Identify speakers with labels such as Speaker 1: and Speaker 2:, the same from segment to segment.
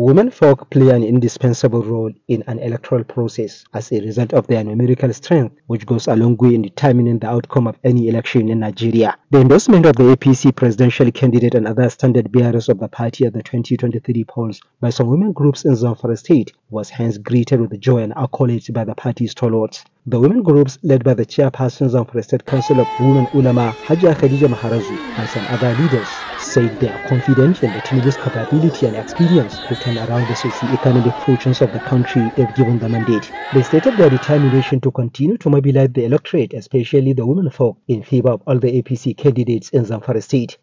Speaker 1: Women folk play an indispensable role in an electoral process as a result of their numerical strength, which goes a long way in determining the outcome of any election in Nigeria. The endorsement of the APC presidential candidate and other standard bearers of the party at the 2023 polls by some women groups in Zamfara state was hence greeted with joy and accolades by the party's stalwarts. The women groups led by the chairpersons of the State Council of Women Ulama, Hajia Khadija Maharazu, and some other leaders said they are confident in the Tinubu's capability and experience to turn around the socio-economic fortunes of the country they've given the mandate. They stated their determination to continue to mobilize the electorate, especially the women folk, in favor of all the APC candidates in Zamfara State.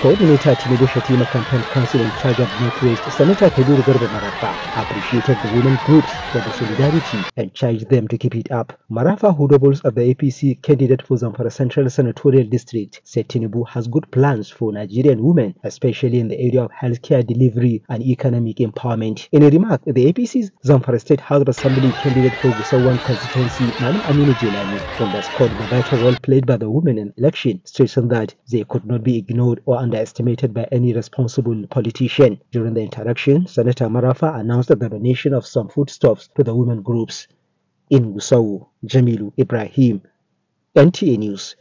Speaker 1: coordinator Tinubu Shatima Campaign Council in charge of Northwest, Senator Kaduru Garba Marafa, appreciated the women groups for their solidarity and charged them to keep it up. Marafa, who doubles as the APC candidate for Zamfara Central Senatorial District, said Tinubu has good plans for Nigerian women, especially in the area of healthcare delivery and economic empowerment. In a remark, the APC's Zamfara State House of Assembly candidate for Gusawan constituency, Malam Aminu Jilani, underscored the vital role played by the women in election, stressing that they could not be ignored or underestimated by any responsible politician. During the interaction, Senator Marafa announced the donation of some foodstuffs to the women groups in Gusau, Jamilu Ibrahim, NTA News.